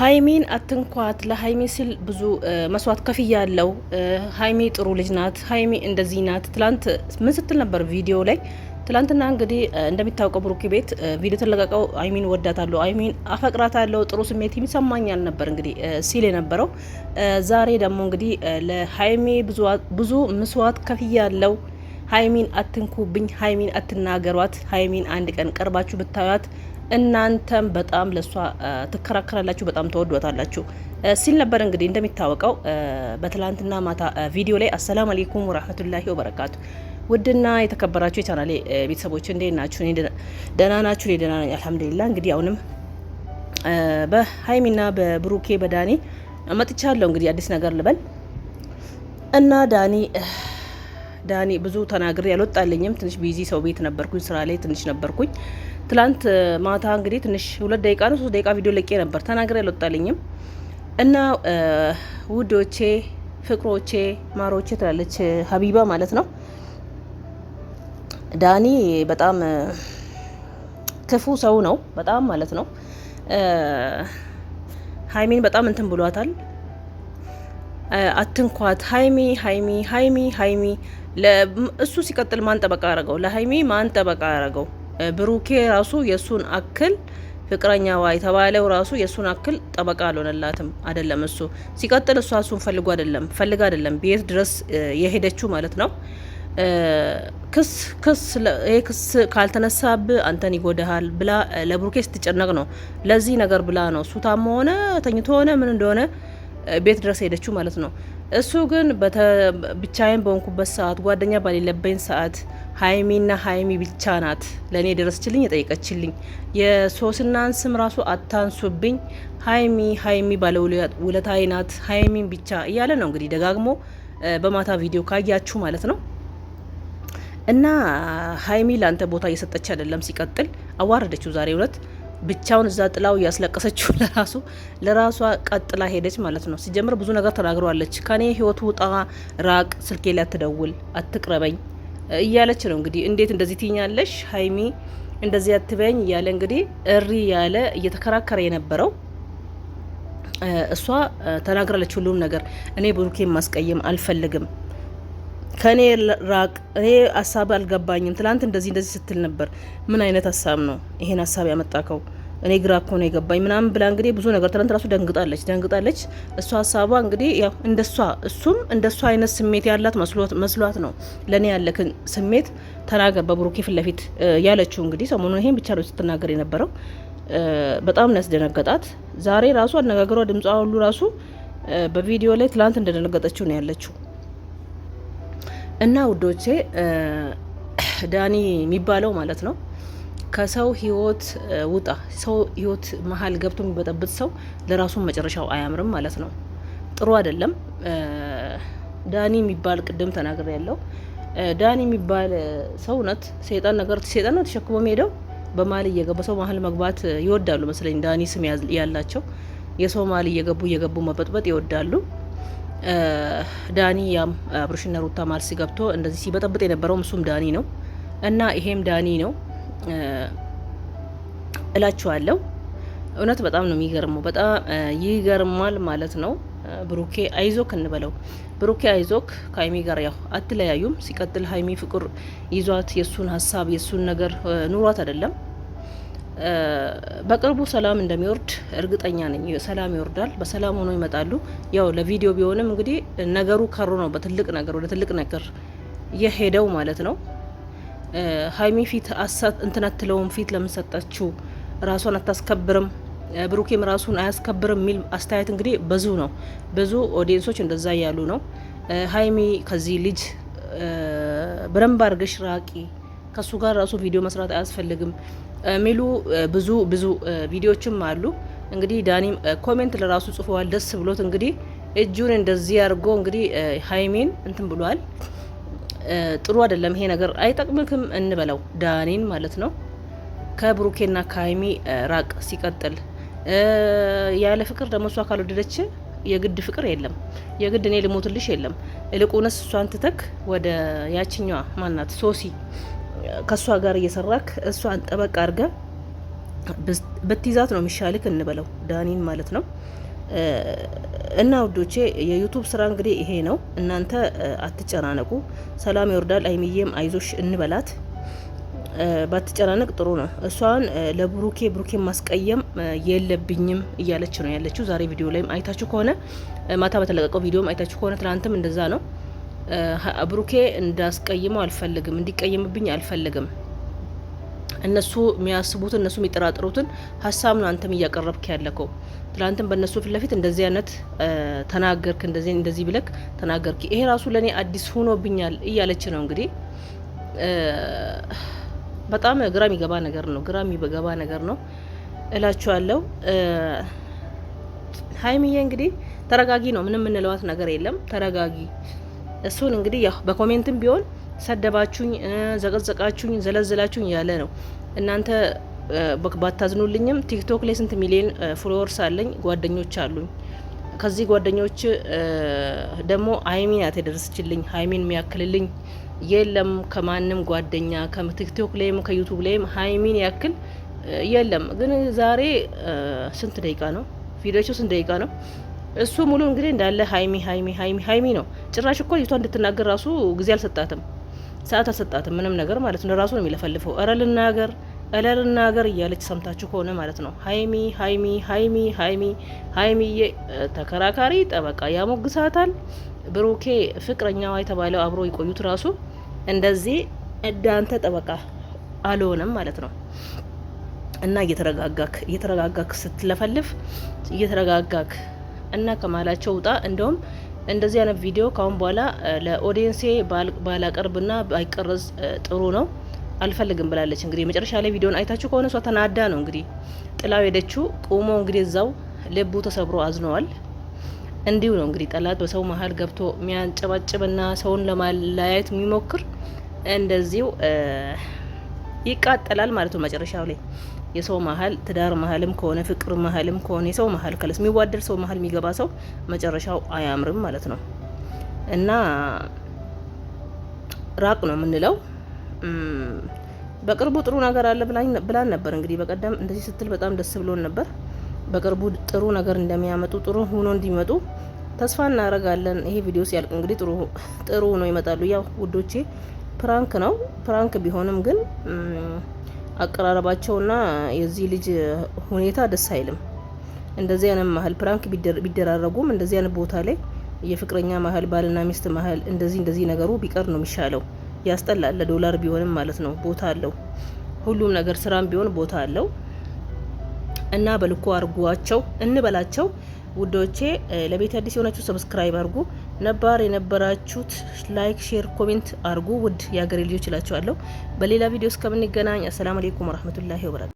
ሀይሚን አትንኳት። ለሀይሚ ስል ብዙ መስዋዕት ከፍ ያለው ሀይሚ ጥሩ ልጅ ናት፣ ሀይሚ እንደዚህ ናት። ትላንት ምን ስትል ነበር ቪዲዮ ላይ? ትላንትና እንግዲህ እንደሚታወቀው ብሩክ ቤት ቪዲዮ ተለቀቀው ሀይሚን ወዳታለሁ፣ ሀይሚን አፈቅራታለሁ፣ ጥሩ ስሜት ይሰማኛል ነበር እንግዲህ ሲል የነበረው። ዛሬ ደግሞ እንግዲህ ለሀይሚ ብዙ መስዋዕት ከፍ ያለው ሀይሚን አትንኩብኝ፣ ሀይሚን አትናገሯት፣ ሀይሚን አንድ ቀን ቀርባችሁ ብታዩት እናንተም በጣም ለእሷ ትከራከራላችሁ፣ በጣም ተወዷታላችሁ ሲል ነበር። እንግዲህ እንደሚታወቀው በትላንትና ማታ ቪዲዮ ላይ አሰላሙ አሌይኩም ወራህመቱላሂ ወበረካቱ ውድና የተከበራችሁ የቻናሌ ቤተሰቦች እንዴት ናችሁ? ደህና ናችሁ? ደህና ነኝ አልሐምዱሊላ። እንግዲህ አሁንም በሀይሚና በብሩኬ በዳኒ መጥቻለሁ። እንግዲህ አዲስ ነገር ልበል እና ዳኒ ዳኒ ብዙ ተናግሬ አልወጣልኝም። ትንሽ ቢዚ ሰው ቤት ነበርኩኝ፣ ስራ ላይ ትንሽ ነበርኩኝ። ትላንት ማታ እንግዲህ ትንሽ ሁለት ደቂቃ ነው ሶስት ደቂቃ ቪዲዮ ለቄ ነበር ተናግሬ አልወጣልኝም እና ውዶቼ፣ ፍቅሮቼ፣ ማሮቼ ትላለች ሀቢባ ማለት ነው። ዳኒ በጣም ክፉ ሰው ነው፣ በጣም ማለት ነው። ሀይሚን በጣም እንትን ብሏታል። አትንኳት ሀይሚ ሀይሚ ሀይሚ ሀይሚ። እሱ ሲቀጥል ማን ጠበቃ አረገው? ለሀይሚ ማን ጠበቃ አረገው? ብሩኬ ራሱ የእሱን አክል ፍቅረኛዋ የተባለው ራሱ የእሱን አክል ጠበቃ አልሆነላትም። አይደለም እሱ ሲቀጥል እሷ እሱን ፈልጎ አይደለም ፈልጋ አይደለም ቤት ድረስ የሄደችው ማለት ነው። ክስ ክስ ይሄ ክስ ካልተነሳብ አንተን ይጎዳሃል ብላ ለብሩኬ ስትጨነቅ ነው። ለዚህ ነገር ብላ ነው እሱ ታሞ ሆነ ተኝቶ ሆነ ምን እንደሆነ ቤት ድረስ ሄደችው ማለት ነው። እሱ ግን ብቻዬን በሆንኩበት ሰዓት ጓደኛ በሌለበኝ ሰዓት ሀይሚና ሀይሚ ብቻ ናት ለእኔ ደረስችልኝ የጠየቀችልኝ። የሶስናን ስም ራሱ አታንሱብኝ፣ ሀይሚ ሀይሚ ባለውለታዬ ናት፣ ሀይሚን ብቻ እያለ ነው እንግዲህ ደጋግሞ በማታ ቪዲዮ ካያችሁ ማለት ነው። እና ሀይሚ ለአንተ ቦታ እየሰጠች አይደለም። ሲቀጥል አዋረደችው ዛሬ እውነት ብቻውን እዛ ጥላው እያስለቀሰችው ለራሱ ለራሷ ቀጥላ ሄደች ማለት ነው። ሲጀምር ብዙ ነገር ተናግረዋለች። ከኔ ህይወቱ ውጣ፣ ራቅ፣ ስልኬ ላይ አትደውል፣ አትቅረበኝ እያለች ነው እንግዲህ እንዴት እንደዚህ ትኛለሽ ሀይሚ እንደዚህ አትበኝ እያለ እንግዲህ እሪ ያለ እየተከራከረ የነበረው እሷ ተናግራለች። ሁሉም ነገር እኔ ብሩኬን ማስቀየም አልፈልግም፣ ከእኔ ራቅ፣ እኔ ሀሳብ አልገባኝም። ትላንት እንደዚህ እንደዚህ ስትል ነበር። ምን አይነት ሀሳብ ነው ይሄን ሀሳብ ያመጣከው? እኔ ግራ እኮ ነው የገባኝ ምናምን ብላ እንግዲህ ብዙ ነገር ትናንት ራሱ ደንግጣለች ደንግጣለች። እሷ ሀሳቧ እንግዲህ ያው እንደሷ እሱም እንደሷ አይነት ስሜት ያላት መስሏት ነው ለእኔ ያለክን ስሜት ተናገር በብሩኬ ፊት ለፊት ያለችው እንግዲህ ሰሞኑን ይሄን ብቻ ነው ስትናገር የነበረው። በጣም ነው ያስደነገጣት። ዛሬ ራሱ አነጋገሯ ድምጿ ሁሉ ራሱ በቪዲዮ ላይ ትላንት እንደደነገጠችው ነው ያለችው። እና ውዶቼ ዳኒ የሚባለው ማለት ነው ከሰው ህይወት ውጣ። ሰው ህይወት መሀል ገብቶ የሚበጠብጥ ሰው ለራሱ መጨረሻው አያምርም ማለት ነው። ጥሩ አይደለም። ዳኒ የሚባል ቅድም ተናግሬ ያለው ዳኒ የሚባል ሰውነት ሴጣን ነገር ሴጣን ነው ተሸክሞ ሄደው በመሀል እየገባ ሰው መሀል መግባት ይወዳሉ መስለኝ። ዳኒ ስም ያላቸው የሰው መሀል እየገቡ እየገቡ መበጥበጥ ይወዳሉ። ዳኒ ያም አብርሽና ሩታ ማልሲ ገብቶ እንደዚህ ሲበጠብጥ የነበረውም እሱም ዳኒ ነው እና ይሄም ዳኒ ነው። እላችኋለሁ። እውነት በጣም ነው የሚገርመው። በጣም ይገርማል ማለት ነው። ብሩኬ አይዞክ እንበለው። ብሩኬ አይዞክ ከሀይሚ ጋር ያው አትለያዩም። ሲቀጥል ሀይሚ ፍቅር ይዟት የእሱን ሀሳብ የእሱን ነገር ኑሯት አይደለም። በቅርቡ ሰላም እንደሚወርድ እርግጠኛ ነኝ። ሰላም ይወርዳል፣ በሰላም ሆኖ ይመጣሉ። ያው ለቪዲዮ ቢሆንም እንግዲህ ነገሩ ከሮ ነው በትልቅ ነገር ወደ ትልቅ ነገር የሄደው ማለት ነው። ሀይሚ ፊት አሳት እንትን ፊት ለምን ሰጠችው? ራሷን አታስከብርም፣ ብሩኬም ራሱን አያስከብርም የሚል አስተያየት እንግዲህ ብዙ ነው። ብዙ ኦዲየንሶች እንደዛ እያሉ ነው። ሀይሚ ከዚህ ልጅ በደንብ አድርገሽ ራቂ፣ ከሱ ጋር ራሱ ቪዲዮ መስራት አያስፈልግም የሚሉ ብዙ ብዙ ቪዲዮችም አሉ። እንግዲህ ዳኒም ኮሜንት ለራሱ ጽፏል። ደስ ብሎት እንግዲህ እጁን እንደዚህ አድርጎ እንግዲህ ሀይሚን እንትን ብሏል። ጥሩ አይደለም ይሄ ነገር አይጠቅምክም እንበለው ዳኒን ማለት ነው። ከብሩኬና ከሀይሚ ራቅ። ሲቀጥል ያለ ፍቅር ደግሞ እሷ ካልወደደች የግድ ፍቅር የለም፣ የግድ እኔ ልሞትልሽ የለም። ይልቁንስ እሷን ትተክ ወደ ያችኛዋ ማናት ሶሲ ከእሷ ጋር እየሰራክ እሷን ጠበቅ አድርገ ብትይዛት ነው የሚሻልክ እንበለው ዳኒን ማለት ነው። እና ውዶቼ የዩቱብ ስራ እንግዲህ ይሄ ነው። እናንተ አትጨናነቁ። ሰላም ይወርዳል። አይሚዬም አይዞሽ እንበላት ባትጨናነቅ ጥሩ ነው። እሷን ለብሩኬ ብሩኬ ማስቀየም የለብኝም እያለች ነው ያለችው። ዛሬ ቪዲዮ ላይም አይታችሁ ከሆነ ማታ በተለቀቀው ቪዲዮም አይታችሁ ከሆነ ትናንትም እንደዛ ነው። ብሩኬ እንዳስቀይመው አልፈልግም፣ እንዲቀየምብኝ አልፈልግም እነሱ የሚያስቡትን እነሱ የሚጠራጥሩትን ሀሳብ ነው አንተም እያቀረብክ ያለከው። ትላንትም በእነሱ ፊት ለፊት እንደዚህ አይነት ተናገርክ፣ እንደዚህ እንደዚህ ብለክ ተናገርክ፣ ይሄ ራሱ ለእኔ አዲስ ሆኖብኛል እያለች ነው እንግዲህ በጣም ግራ የሚገባ ነገር ነው። ግራ የሚገባ ነገር ነው እላችኋለሁ። ሀይሚዬ እንግዲህ ተረጋጊ ነው። ምንም የምንለዋት ነገር የለም። ተረጋጊ። እሱን እንግዲህ ያው በኮሜንትም ቢሆን ሰደባችሁኝ፣ ዘቀዘቃችሁኝ፣ ዘለዘላችሁኝ ያለ ነው። እናንተ ባታዝኑልኝም ቲክቶክ ላይ ስንት ሚሊዮን ፎሎወርስ አለኝ፣ ጓደኞች አሉኝ። ከዚህ ጓደኞች ደግሞ ሀይሚን ናት ሀይሚን የሚያክልልኝ የለም ከማንም ጓደኛ ከቲክቶክ ላይም ከዩቱብ ላይም ሀይሚን ያክል የለም። ግን ዛሬ ስንት ደቂቃ ነው ቪዲዮቸው? ስንት ደቂቃ ነው? እሱ ሙሉ እንግዲህ እንዳለ ሀይሚ ሀይሚ ሀይሚ ሀይሚ ነው። ጭራሽ እኮ ልጅቷ እንድትናገር ራሱ ጊዜ አልሰጣትም። ሰዓት አልሰጣትም። ምንም ነገር ማለት ነው። ራሱ ነው የሚለፈልፈው። እረ ልናገር እለ ልናገር እያለች ሰምታችሁ ከሆነ ማለት ነው ሀይሚ ሀይሚ ሀይሚ ሀይሚ ሀይሚዬ ተከራካሪ ጠበቃ ያሞግሳታል። ብሩኬ ፍቅረኛዋ የተባለው አብሮ የቆዩት ራሱ እንደዚህ እንዳንተ ጠበቃ አልሆነም ማለት ነው። እና እየተረጋጋክ እየተረጋጋክ ስትለፈልፍ እየተረጋጋክ እና ከማላቸው ውጣ እንደውም እንደዚህ አይነት ቪዲዮ ካሁን በኋላ ለኦዲየንሴ ባላቀርብና ባይቀረጽ ጥሩ ነው አልፈልግም ብላለች። እንግዲህ መጨረሻ ላይ ቪዲዮን አይታችሁ ከሆነ እሷ ተናዳ ነው እንግዲህ ጥላው ሄደችው። ቁሞ እንግዲህ እዛው ልቡ ተሰብሮ አዝነዋል። እንዲሁ ነው እንግዲህ ጠላት በሰው መሀል ገብቶ የሚያንጨባጭብና ሰውን ለማለያየት የሚሞክር እንደዚሁ ይቃጠላል ማለት ነው መጨረሻው ላይ የሰው መሀል ትዳር መሀልም ከሆነ ፍቅር መሀልም ከሆነ የሰው መሀል ከለስ የሚዋደድ ሰው መሀል የሚገባ ሰው መጨረሻው አያምርም ማለት ነው። እና ራቅ ነው የምንለው። በቅርቡ ጥሩ ነገር አለ ብላን ነበር። እንግዲህ በቀደም እንደዚህ ስትል በጣም ደስ ብሎን ነበር። በቅርቡ ጥሩ ነገር እንደሚያመጡ ጥሩ ሆኖ እንዲመጡ ተስፋ እናደርጋለን። ይሄ ቪዲዮ ሲያልቅ እንግዲህ ጥሩ ጥሩ ነው ይመጣሉ። ያው ውዶቼ ፕራንክ ነው። ፕራንክ ቢሆንም ግን አቀራረባቸውና የዚህ ልጅ ሁኔታ ደስ አይልም። እንደዚህ አይነት መሀል ፕራንክ ቢደራረጉም እንደዚህ አይነት ቦታ ላይ የፍቅረኛ መሀል ባልና ሚስት መሀል እንደዚህ እንደዚህ ነገሩ ቢቀር ነው የሚሻለው። ያስጠላል። ለዶላር ቢሆንም ማለት ነው ቦታ አለው። ሁሉም ነገር ስራም ቢሆን ቦታ አለው እና በልኩ አርጓቸው እንበላቸው። ውዶቼ ለቤት አዲስ የሆናችሁ ሰብስክራይብ አርጉ። ነባር የነበራችሁት ላይክ፣ ሼር፣ ኮሜንት አድርጉ። ውድ የሀገሬ ልጆች እላችኋለሁ። በሌላ ቪዲዮ እስከምንገናኝ አሰላም አሌይኩም ወረህመቱላሂ ወበረካቱ።